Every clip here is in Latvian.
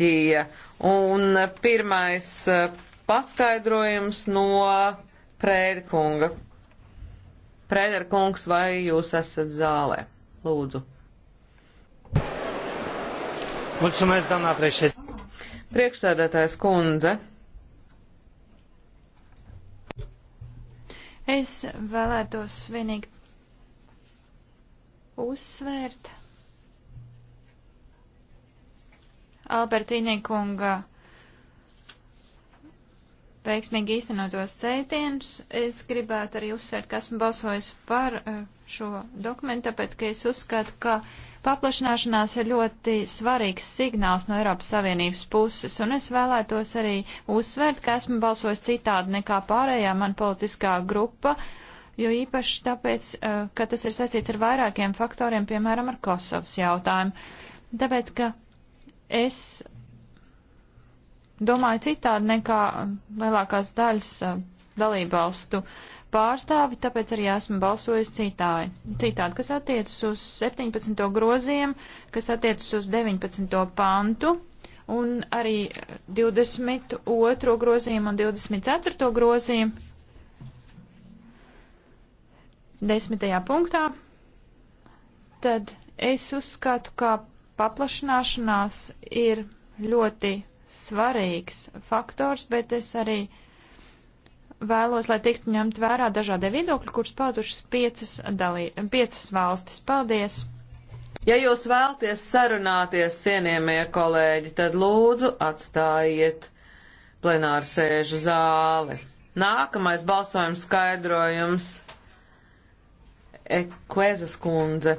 Grieķija. Un pirmais eh, paskaidrojums no Prēderkunga. Prēderkungs, vai jūs esat zālē? Lūdzu. Mulțumesc, doamna președinte. Priekšsēdētājs kundze. Es vēlētos vienīgi uzsvērt Albertīnī kunga veiksmīgi īstenotos cētienus. Es gribētu arī uzsvērt, ka esmu balsojis par uh, šo dokumentu, tāpēc, ka es uzskatu, ka paplašanāšanās ir ļoti svarīgs signāls no Eiropas Savienības puses, un es vēlētos arī uzsvērt, ka esmu balsojis citādi nekā pārējā man politiskā grupa, jo īpaši tāpēc, uh, ka tas ir saistīts ar vairākiem faktoriem, piemēram, ar Kosovas jautājumu. Tāpēc, ka Es domāju citādi nekā lielākās daļas eh, dalībvalstu pārstāvi, tāpēc arī esmu balsojis citādi. Citādi, kas attiecas uz 17. grozījumu, kas attiecas uz 19. pantu un arī 22. grozījumu un 24. grozījumu. Desmitajā punktā. Tad es uzskatu, ka paplašināšanās ir ļoti svarīgs faktors, bet es arī vēlos, lai tiktu ņemt vērā dažādie viedokļi, kurus paudušas piecas, dalī, piecas valstis. Paldies! Ja jūs vēlties sarunāties, cienījamie kolēģi, tad lūdzu atstājiet plenāru sēžu zāli. Nākamais balsojums skaidrojums Ekvezas kundze.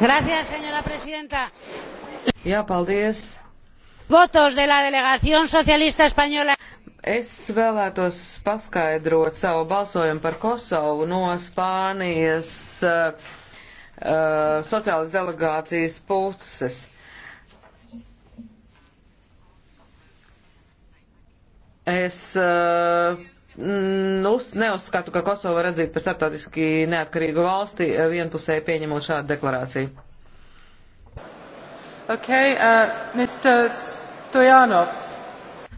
Gracias, señora presidenta. Jā, paldies. Votos de la delegación socialista española. Es vēlētos paskaidrot savu balsojumu par Kosovu no Spānijas uh, uh, sociālas delegācijas puses. Es uh, Nu, neuzskatu, ka Kosovo var atzīt par starptautiski neatkarīgu valsti, eh, vienpusēji pieņemot šādu deklarāciju. Okay, uh, Mr. Stojanov.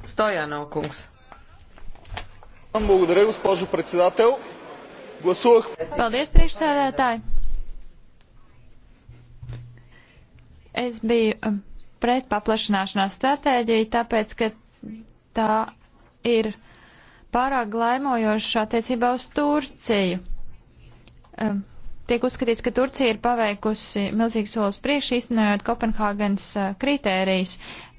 Стоянов kungs. Благодаря, госпожо председател. Гласувах. Paldies, priekšsēdētāji. Es biju um, pret paplašināšanās stratēģiju, tāpēc, ka tā ir pārāk glaimojošs attiecībā uz Turciju. Um, tiek uzskatīts, ka Turcija ir paveikusi milzīgu solis priekš, īstenojot Kopenhāgens uh, eh, kritērijas.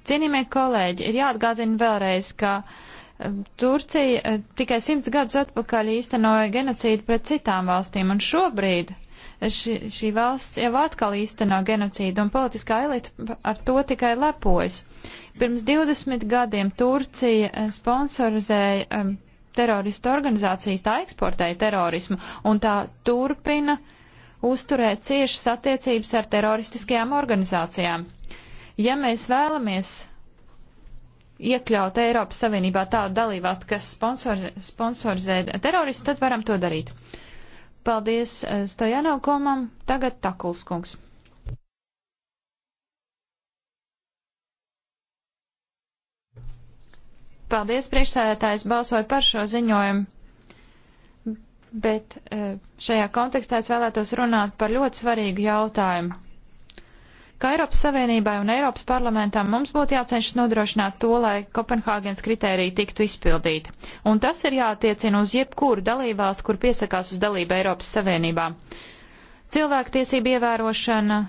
Cienījamie kolēģi, ir jāatgādina vēlreiz, ka uh, Turcija uh, tikai simts gadus atpakaļ īstenoja genocīdu pret citām valstīm, un šobrīd eh, ši, šī valsts jau atkal īsteno genocīdu, un politiskā elita ar to tikai lepojas. Pirms 20 gadiem Turcija sponsorizēja um, teroristu organizācijas, tā eksportēja terorismu un tā turpina uzturēt ciešas attiecības ar teroristiskajām organizācijām. Ja mēs vēlamies iekļaut Eiropas Savienībā tādu dalībvalstu, kas sponsor, sponsorizē teroristu, tad varam to darīt. Paldies eh, Stojanovkomam, tagad Takulskungs. Paldies, priekšsēdētājs balsoja par šo ziņojumu. Bet e, šajā kontekstā es vēlētos runāt par ļoti svarīgu jautājumu. Kā Eiropas Savienībai un Eiropas parlamentam mums būtu jācenšas nodrošināt to, lai Kopenhāgenes kritērija tiktu izpildīta. Un tas ir jātiecina uz jebkuru dalībvalstu, kur piesakās uz dalību Eiropas Savienībā. Cilvēktiesība ievērošana,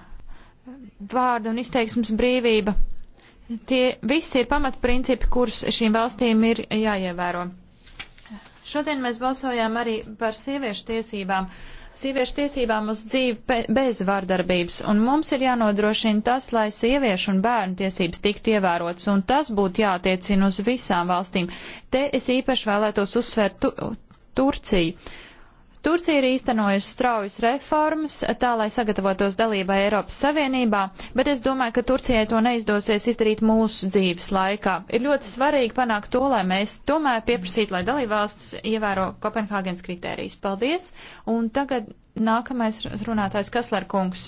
vārdu un izteiksmes brīvība Tie visi ir pamatprincipi, kurus šīm valstīm ir jāievēro. Šodien mēs balsojām arī par sieviešu tiesībām, sieviešu tiesībām uz dzīvi bez vardarbības, un mums ir jānodrošina tas, lai sieviešu un bērnu tiesības tiktu ievērotas, un tas būtu jātiecina uz visām valstīm. Te es īpaši vēlētos uzsvērt tu Turciju. Turcija ir īstenojusi straujas reformas, tā lai sagatavotos dalībai Eiropas Savienībā, bet es domāju, ka Turcijai to neizdosies izdarīt mūsu dzīves laikā. Ir ļoti svarīgi panākt to, lai mēs tomēr pieprasītu, lai dalībvalsts ievēro Kopenhāgenes kritērijas. Paldies! Un tagad nākamais runātājs Kasler kungs.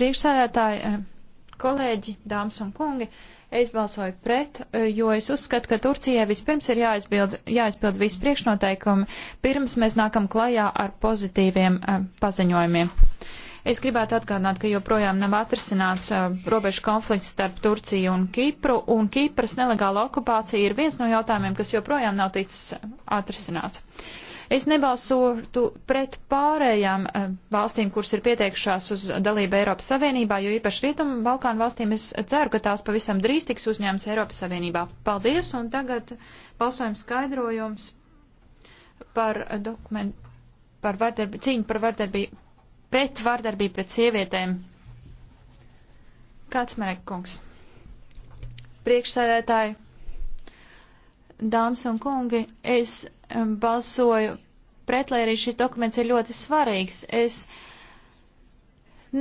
Priekšsēdētāji, eh, kolēģi, dāmas un kungi. Uh, Es balsoju pret, eh, jo es uzskatu, ka Turcijai vispirms ir jāizbild, jāizbild visi priekšnoteikumi, pirms mēs nākam klajā ar pozitīviem eh, paziņojumiem. Es gribētu atgādināt, ka joprojām nav atrisināts uh, robežu konflikts starp Turciju un Kipru, un Kipras nelegāla okupācija ir viens no jautājumiem, kas joprojām nav ticis atrisināts. Uh, Es nebalsotu pret pārējām eh, valstīm, kuras ir pieteikušās uz dalību Eiropas Savienībā, jo īpaši Rietumu Balkānu valstīm es ceru, ka tās pavisam drīz tiks uzņēmas Eiropas Savienībā. Paldies, un tagad balsojums skaidrojums par dokumentu, par vardarbību, cīņu par vardarbību, pret vardarbību pret sievietēm. Kāds mērķis? Priekšsēdētāji, dāmas un kungi, es balsoju pret, lai arī šis dokuments ir ļoti svarīgs. Es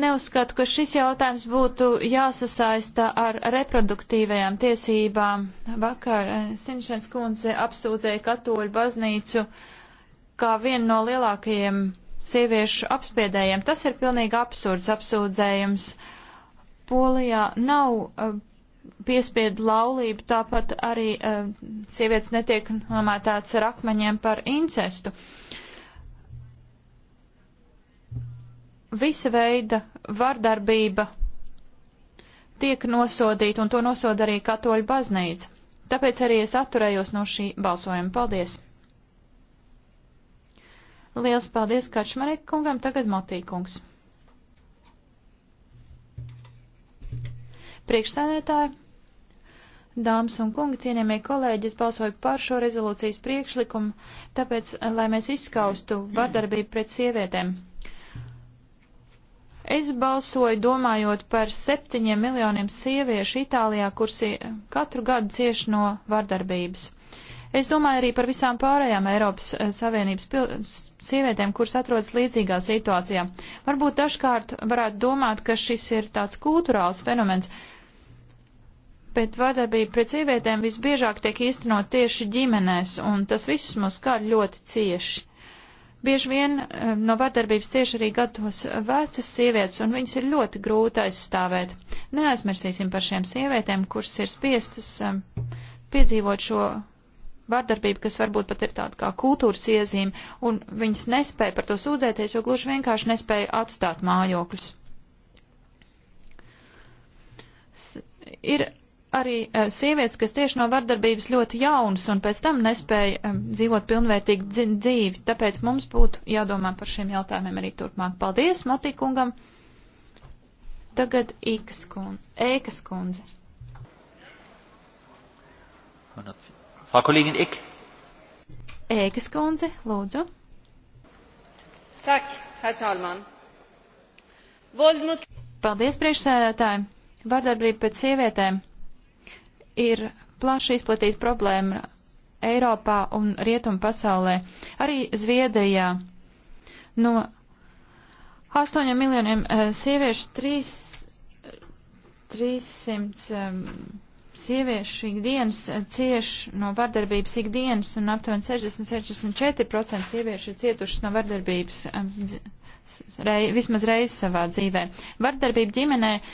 neuzskatu, ka šis jautājums būtu jāsasaista ar reproduktīvajām tiesībām. Vakar eh, Sinšens kundze apsūdzēja katoļu baznīcu kā vienu no lielākajiem sieviešu apspiedējiem. Tas ir pilnīgi absurds apsūdzējums. Polijā nav eh, piespiedu laulību, tāpat arī uh, sievietes netiek nomētāts ar akmeņiem par incestu. Visa veida vardarbība tiek nosodīta, un to nosoda arī katoļu baznīca. Tāpēc arī es atturējos no šī balsojuma. Paldies! Liels paldies Kačmanik kungam, tagad Motīkungs. Priekšsēdētāji, dāmas un kungi, cienījamie kolēģi, es balsoju par šo rezolūcijas priekšlikumu, tāpēc, lai mēs izskaustu vardarbību pret sievietēm. Es balsoju domājot par septiņiem miljoniem sieviešu Itālijā, kuras katru gadu cieš no vardarbības. Es domāju arī par visām pārējām Eiropas eh, Savienības sievietēm, kuras atrodas līdzīgā situācijā. Varbūt dažkārt varētu domāt, ka šis ir tāds kulturāls fenomens, bet vardarbība pret sievietēm visbiežāk tiek īstenot tieši ģimenēs, un tas viss mūs kā ļoti cieši. Bieži vien eh, no vardarbības cieši arī gados vecas sievietes, un viņas ir ļoti grūti aizstāvēt. Neaizmirsīsim par šiem sievietēm, kuras ir spiestas eh, piedzīvot šo vardarbību, kas varbūt pat ir tāda kā kultūras iezīme, un viņas nespēja par to sūdzēties, jo gluži vienkārši nespēja atstāt mājokļus. S ir arī e, sievietes, kas tieši no vardarbības ļoti jaunas un pēc tam nespēja e, dzīvot pilnvērtīgu dzīvi. Tāpēc mums būtu jādomā par šiem jautājumiem arī turpmāk. Paldies Matīkungam. Tagad Ikas kundze. Ēkas kundze. Frau Kollegin Ik. Ēkas kundze, lūdzu. Tak, herr Talman. Vold mot... Paldies, priekšsēdētāji. Vardarbība pret sievietēm ir plaši izplatīta problēma Eiropā un Rietumu pasaulē, arī Zviedrijā. No 8 miljoniem eh, sieviešu 3, 300 ehm, sieviešu ikdienas eh, cieš no vardarbības ikdienas un aptuveni 60-64% sieviešu ir cietušas no vardarbības ehm, rei, vismaz reizi savā dzīvē. Vardarbība ģimenē uh,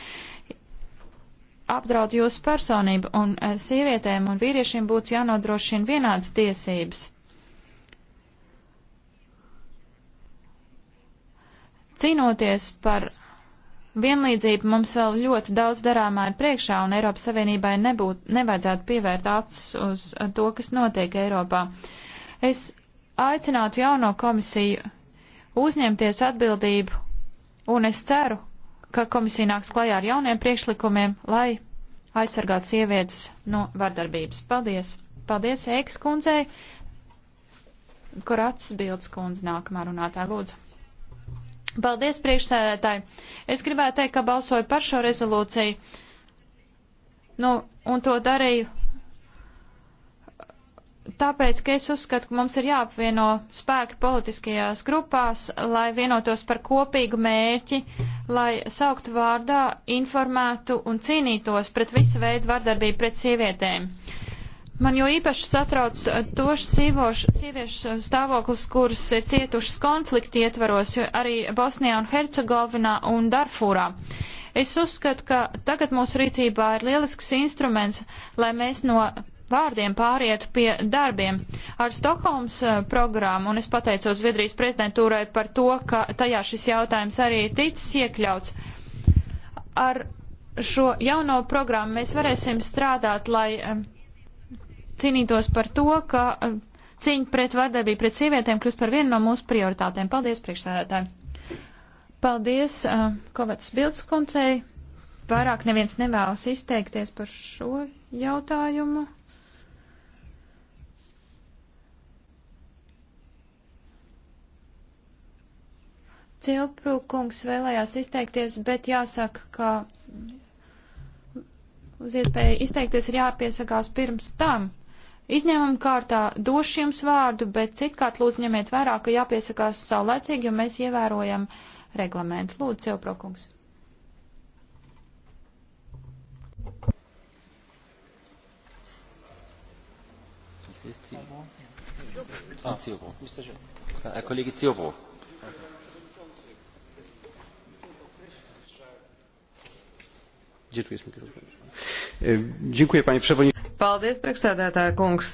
apdraud jūsu personību, un eh, sievietēm un vīriešiem būtu jānodrošina vienādas tiesības. Cīnoties par vienlīdzību, mums vēl ļoti daudz darāmā ir priekšā, un Eiropas Savienībai nebūt, nevajadzētu pievērt acis uz to, kas notiek Eiropā. Es aicinātu jauno komisiju uzņemties atbildību, un es ceru, ka komisija nāks klajā ar jauniem priekšlikumiem, lai aizsargātu sievietes no vardarbības. Paldies! Paldies Eikas kundzei, kur atsbildes kundze nākamā runātāja lūdzu. Paldies priekšsēdētāji. Es gribētu teikt, ka balsoju par šo rezolūciju. Nu, un to darīju tāpēc, ka es uzskatu, ka mums ir jāapvieno spēki politiskajās grupās, lai vienotos par kopīgu mērķi, lai sauktu vārdā, informētu un cīnītos pret visu veidu vardarbību pret sievietēm. Man jo īpaši satrauc tošu sieviešu stāvoklis, kuras ir cietušas konflikti ietvaros, jo arī Bosnijā un Hercegovinā un Darfūrā. Es uzskatu, ka tagad mūsu rīcībā ir lielisks instruments, lai mēs no vārdiem pāriet pie darbiem. Ar Stokholmas eh, programmu, un es pateicos Zviedrijas prezidentūrai par to, ka tajā šis jautājums arī ticis iekļauts. Ar šo jauno programmu mēs varēsim strādāt, lai eh, cīnītos par to, ka eh, cīņa pret vardarbību pret sievietēm kļūst par vienu no mūsu prioritātēm. Paldies, priekšsēdētāji! Paldies, uh, Kovats Bildskundzei! Vairāk neviens nevēlas izteikties par šo jautājumu. Cilprūkungs vēlējās izteikties, bet jāsaka, ka uz iespēju izteikties ir jāpiesakās pirms tam. Izņēmuma kārtā došu jums vārdu, bet citkārt lūdzu ņemiet vērā, ka jāpiesakās saulēcīgi, jo mēs ievērojam reglamentu. Lūdzu, Cilprūkungs. Herr Kollege Ziobro. E, Paldies, priekšsēdētāja kungs.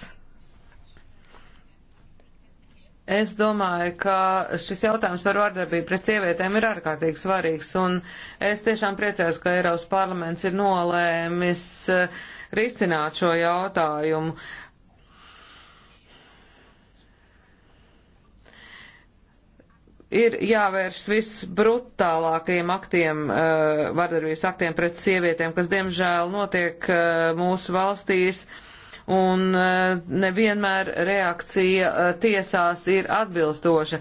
Es domāju, ka šis jautājums par vardarbību pret sievietēm ir ārkārtīgi svarīgs, un es tiešām priecājos, ka Eiropas parlaments ir nolēmis eh, risināt šo jautājumu. Uh, ir jāvērš viss brutālākajiem aktiem, uh, vardarbības aktiem pret sievietēm, kas diemžēl notiek uh, mūsu valstīs, un uh, nevienmēr reakcija uh, tiesās ir atbilstoša.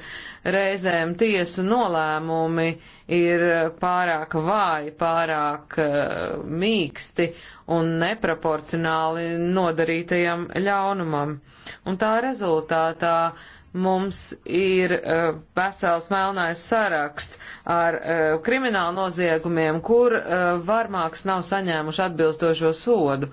Reizēm tiesu nolēmumi ir pārāk vāji, pārāk uh, mīksti un neproporcionāli nodarītajam ļaunumam. Un tā rezultātā uh, Mums ir uh, vesels melnais saraksts ar uh, kriminālu noziegumiem, kur uh, varmāks nav saņēmuši atbilstošo sodu.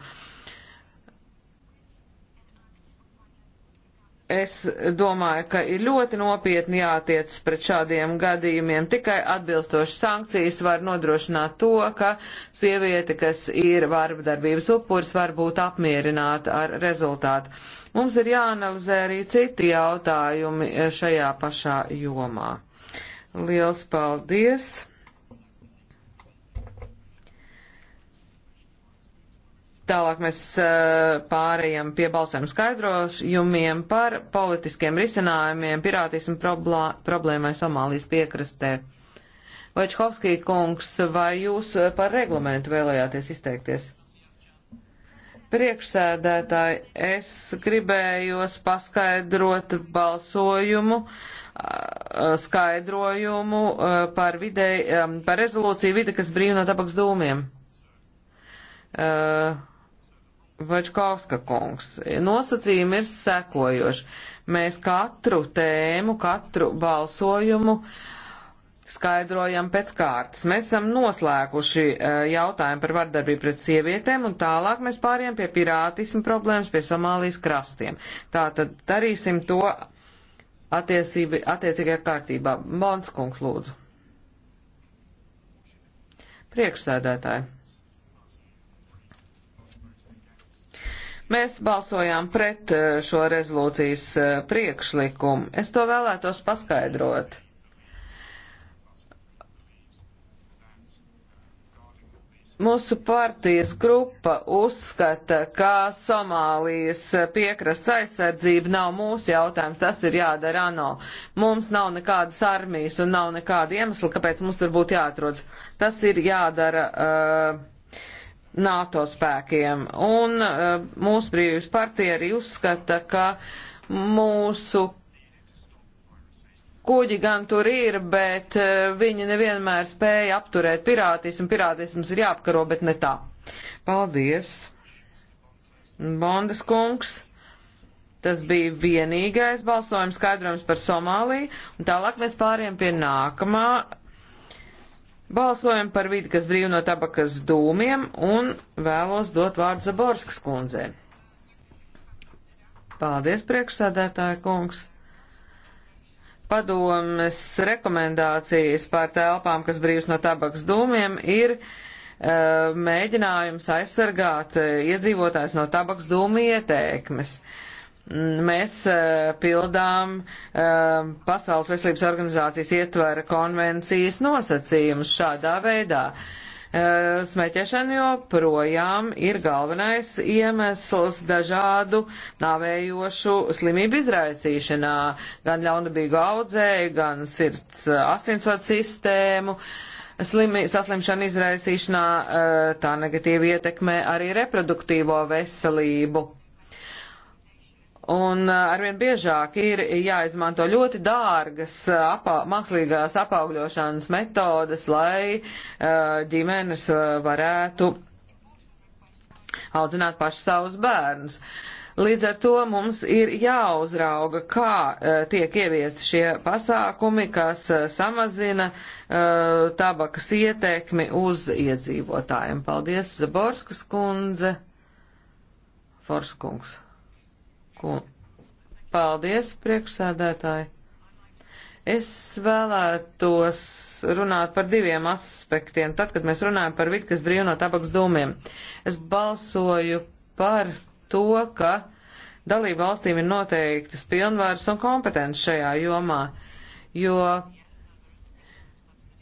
Es domāju, ka ir ļoti nopietni jātiec pret šādiem gadījumiem. Tikai atbilstoši sankcijas var nodrošināt to, ka sieviete, kas ir varbdarbības upuris, var būt apmierināta ar rezultātu. Mums ir jāanalizē arī citi jautājumi eh, šajā pašā jomā. Liels paldies! Tālāk mēs eh, pārējām pie balsojuma skaidrojumiem par politiskiem risinājumiem pirātismu problēmai Somālijas piekrastē. Vaļčkovskī kungs, vai jūs eh, par reglamentu vēlējāties izteikties? Priekšsēdētāji, es gribējos paskaidrot balsojumu, skaidrojumu par, videi, par rezolūciju vide, kas brīv no tabaks dūmiem. Vačkovska kungs. Nosacījumi ir sekojoši. Mēs katru tēmu, katru balsojumu uh, skaidrojam pēc kārtas. Mēs esam noslēguši eh, jautājumu par vardarbību pret sievietēm, un tālāk mēs pāriem pie pirātismu problēmas pie Somālijas krastiem. Tātad darīsim to attiecīgajā kārtībā. Bons kungs, lūdzu. Priekšsēdētāji. Mēs balsojām pret eh, šo rezolūcijas eh, priekšlikumu. Es to vēlētos paskaidrot. Mūsu partijas grupa uzskata, ka Somālijas piekrasts aizsardzība nav mūsu jautājums, tas ir jādara ANO. Mums nav nekādas armijas un nav nekāda iemesla, kāpēc mums tur būtu jāatrodas. Tas ir jādara uh, NATO spēkiem. Un uh, mūsu brīvības partija arī uzskata, ka mūsu Kuģi gan tur ir, bet eh, viņi nevienmēr spēja apturēt pirātismu. Pirātisms ir jāapkaro, bet ne tā. Paldies, Bondas kungs. Tas bija vienīgais balsojums skaidrojums par Somāliju, un tālāk mēs pāriem pie nākamā balsojuma par vidi, kas brīv no tabakas dūmiem, un vēlos dot vārdu Zaborskas kundzei. Paldies, priekšsādētāja kungs! padomes rekomendācijas par telpām, kas brīvs no tabaks dūmiem, ir uh, mēģinājums aizsargāt uh, iedzīvotājs no tabaks dūmu ietekmes. Mm, mēs uh, pildām Pasaules veselības organizācijas ietvara konvencijas nosacījumus šādā veidā. Uh, Eh, smēķēšana joprojām ir galvenais iemesls dažādu nāvējošu slimību izraisīšanā, gan ļaunabīgu audzēju, gan sirds eh, asinsvadu sistēmu. Slimi, saslimšana izraisīšanā eh, tā negatīvi ietekmē arī reproduktīvo veselību Un uh, arvien biežāk ir jāizmanto ļoti dārgas uh, apa, mākslīgās apaugļošanas metodas, lai uh, ģimenes varētu audzināt paši savus bērnus. Līdz ar to mums ir jāuzrauga, kā tiek ieviesti šie pasākumi, kas samazina tabakas ietekmi uz iedzīvotājiem. Paldies, Zaborskas kundze, Forskungs. Paldies, priekšsēdētāji. Es vēlētos runāt par diviem aspektiem. Tad, kad mēs runājam par Vitkas brīvu no tabaks dūmiem, es balsoju par to, ka dalību valstīm ir noteiktas pilnvaras un kompetences šajā jomā, jo,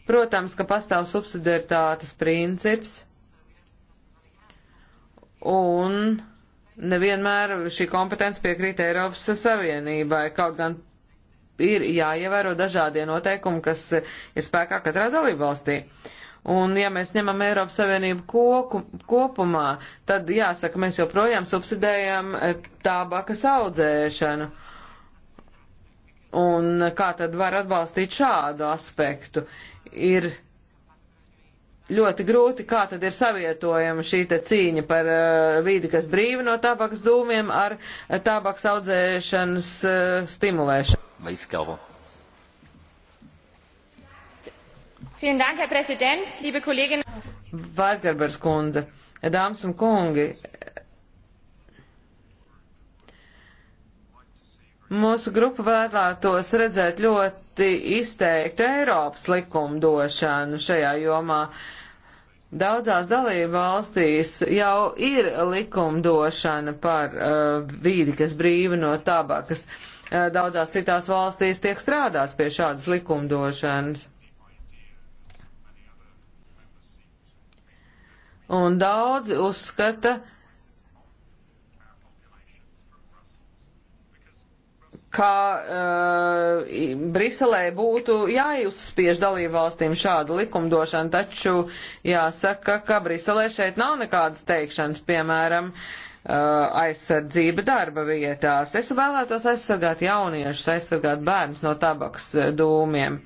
protams, ka pastāv subsidiaritātes princips un nevienmēr šī kompetence piekrīt Eiropas Savienībai, kaut gan ir jāievēro dažādie noteikumi, kas ir spēkā katrā dalībvalstī. Un ja mēs ņemam Eiropas Savienību koku, kopumā, tad jāsaka, mēs joprojām subsidējam e, tābakas audzēšanu. Un kā tad var atbalstīt šādu aspektu? Ir ļoti grūti, kā tad ir savietojama šī cīņa par uh, vīdi, kas brīvi no tabaks dūmiem, ar uh, tabaks audzēšanas uh, stimulēšanu. Vai izkalvo? Vielen Dank, Herr Präsident, liebe Kolleginnen. Vaisgarbers kundze, dāmas un kungi, mūsu grupa vēlētos redzēt ļoti izteiktu Eiropas likumdošanu šajā jomā. Uh, Daudzās dalība valstīs jau ir likumdošana par uh, vīdi, kas brīvi no tabakas. Uh, daudzās citās valstīs tiek strādāts pie šādas likumdošanas. Un daudzi uzskata, uh, ka uh, Briselē būtu jāuzspiež dalībvalstīm šāda likumdošana, taču jāsaka, ka Briselē šeit nav nekādas teikšanas, piemēram, uh, aizsardzība darba vietās. Es vēlētos aizsargāt jauniešus, aizsargāt bērnus no tabaks eh, dūmiem.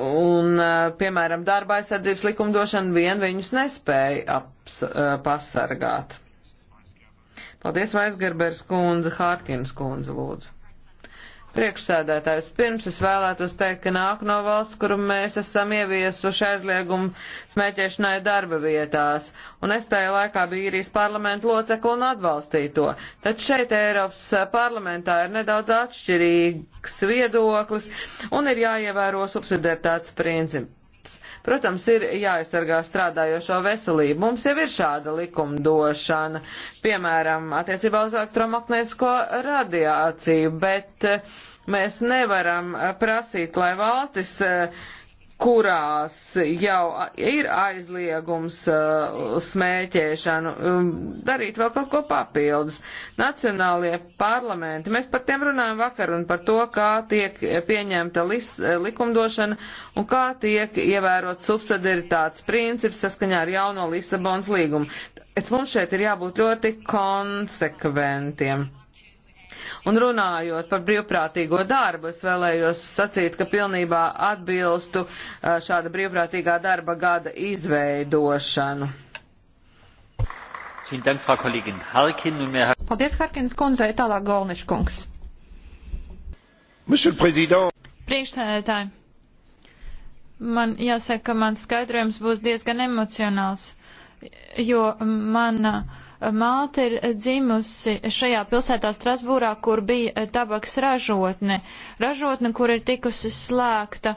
Un, uh, piemēram, darba aizsardzības likumdošana vien viņus nespēja aps, uh, pasargāt. Paldies, Vaisgerbers kundze, Hārkins kundze, lūdzu. Priekšsēdētājs, pirms es vēlētos teikt, ka nāk no valsts, kuru mēs esam ieviesuši aizliegumu smēķēšanai darba vietās, un es tajā laikā biju īrijas parlamenta locekla un atbalstīju to. Tad šeit Eiropas parlamentā ir nedaudz atšķirīgs viedoklis, un ir jāievēro subsidiaritātes princips akts. Protams, ir jāaizsargā strādājošo veselību. Mums jau ir šāda likumdošana, piemēram, attiecībā uz elektromagnētisko radiāciju, bet eh, mēs nevaram eh, prasīt, lai valstis uh, kurās jau ir aizliegums uh, smēķēšanu, um, darīt vēl kaut ko papildus. Nacionālie parlamenti, mēs par tiem runājam vakar un par to, kā tiek pieņemta lis, eh, likumdošana un kā tiek ievērot subsidiaritātes princips saskaņā ar jauno Lisabons līgumu. Es mums šeit ir jābūt ļoti konsekventiem. Un runājot par brīvprātīgo darbu, es vēlējos sacīt, ka pilnībā atbilstu šāda brīvprātīgā darba gada izveidošanu. Paldies, Harkins kundzei, tālāk Golniškungs. Priekšsēdētāji, man jāsaka, ka mans skaidrojums būs diezgan emocionāls, jo mana. Uh, māte ir dzimusi šajā pilsētā Strasbūrā, kur bija eh, tabaks ražotne, ražotne, kur ir tikusi slēgta,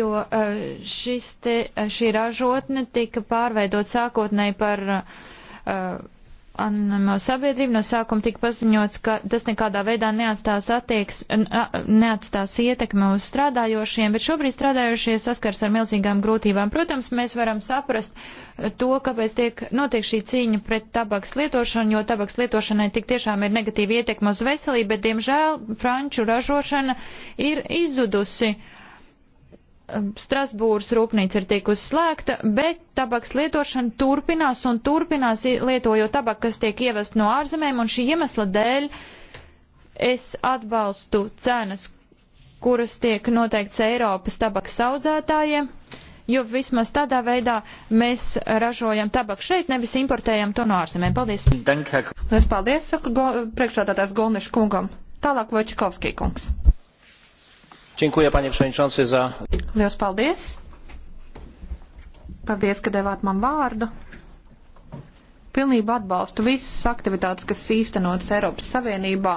jo eh, šis te, eh, šī ražotne tika pārveidot sākotnēji par uh, anonimo um, sabiedrību no sākuma tika paziņots, ka tas nekādā veidā neatstās, attieks, neatstās ietekmi uz strādājošiem, bet šobrīd strādājošie saskars ar milzīgām grūtībām. Protams, mēs varam saprast uh, to, kāpēc tiek notiek šī cīņa pret tabaks lietošanu, jo tabaks lietošanai tik tiešām ir negatīva ietekme uz veselību, bet, diemžēl, franču ražošana ir izzudusi. Uh, Um, Strasbūras rūpnīca ir tikusi slēgta, bet tabaks lietošana turpinās un turpinās lietojot tabaku, kas tiek ievest no ārzemēm, un šī iemesla dēļ es atbalstu cenas, kuras tiek noteikts Eiropas tabakas audzētājiem, jo vismaz tādā veidā mēs ražojam tabaku šeit, nevis importējam to no ārzemēm. Paldies! Lies paldies, saka go, priekšādātājs Golniša kungam. Tālāk Vojčikovskij kungs. Činkuja, paņem šeit za. Lielas paldies! Paldies, ka devāt man vārdu. Pilnībā atbalstu visas aktivitātes, kas īstenotas Eiropas Savienībā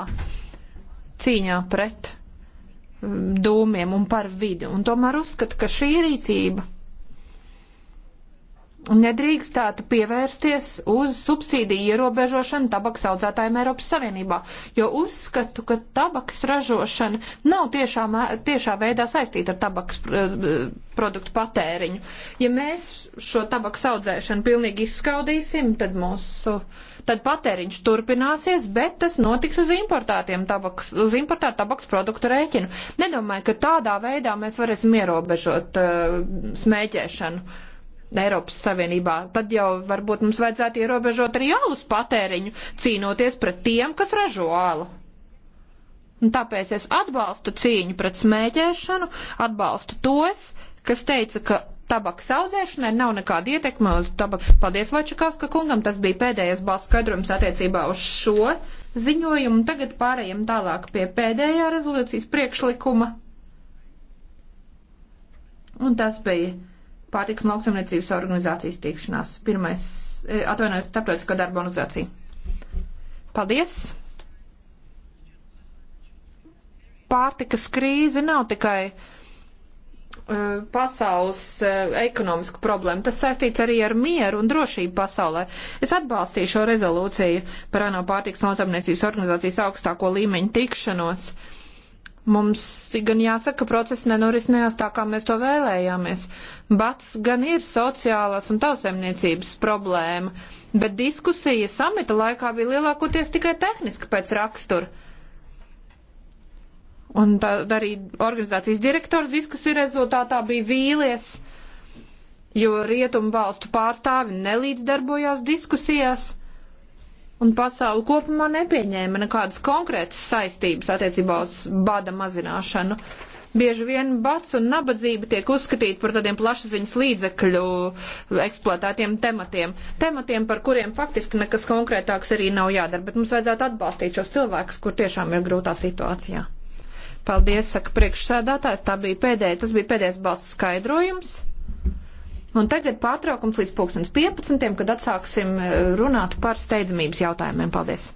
cīņā pret mm, dūmiem un par vidi. Un tomēr uzskatu, ka šī rīcība nedrīkstētu pievērsties uz subsīdiju ierobežošanu tabaks audzētājiem Eiropas Savienībā, jo uzskatu, ka tabakas ražošana nav tiešā, tiešā veidā saistīta ar tabakas eh, produktu patēriņu. Ja mēs šo tabakas audzēšanu pilnīgi izskaudīsim, tad mūsu. Tad patēriņš turpināsies, bet tas notiks uz importētiem tabaks, uz importētu tabaks produktu rēķinu. Nedomāju, ka tādā veidā mēs varēsim ierobežot uh, smēķēšanu. Eiropas Savienībā, tad jau varbūt mums vajadzētu ierobežot arī alus patēriņu, cīnoties pret tiem, kas ražo alu. Un tāpēc es atbalstu cīņu pret smēķēšanu, atbalstu tos, kas teica, ka tabakas audzēšanai nav nekāda ietekme uz tabaku. Paldies Vačakavska kungam, tas bija pēdējais balss skaidrojums attiecībā uz šo ziņojumu. Tagad pārējiem tālāk pie pēdējā rezolūcijas priekšlikuma. Un tas bija pārtiks un lauksamniecības organizācijas tikšanās. Pirmais, e, atvainojos, starptautisko darba organizācija. Paldies! Pārtikas krīze nav tikai e, pasaules e, ekonomiska problēma. Tas saistīts arī ar mieru un drošību pasaulē. Es atbalstīju šo rezolūciju par ANO pārtiks nosamniecības organizācijas augstāko līmeņu tikšanos. Uh, Mums gan jāsaka, ka process nenorisinājās tā, kā mēs to vēlējāmies. Bats gan ir sociālās un tautsēmniecības problēma, bet diskusija samita laikā bija lielākoties tikai tehniska pēc rakstura. Un tā, arī organizācijas direktors diskusiju rezultātā bija vīlies, jo rietumu valstu pārstāvi nelīdzdarbojās diskusijās un pasauli kopumā nepieņēma nekādas konkrētas saistības attiecībā uz bada mazināšanu. Bieži vien bats un nabadzība tiek uzskatīti par tādiem plašsaziņas līdzekļu eksploatētiem tematiem. Tematiem, par kuriem faktiski nekas konkrētāks arī nav jādara, bet mums vajadzētu atbalstīt šos cilvēkus, kur tiešām ir grūtā situācijā. Paldies, saka priekšsēdātājs. Tā bija pēdējais, tas bija pēdējais balss skaidrojums. Un tagad pārtraukums līdz pulkstens 15, kad atsāksim eh, runāt par steidzamības jautājumiem. Paldies!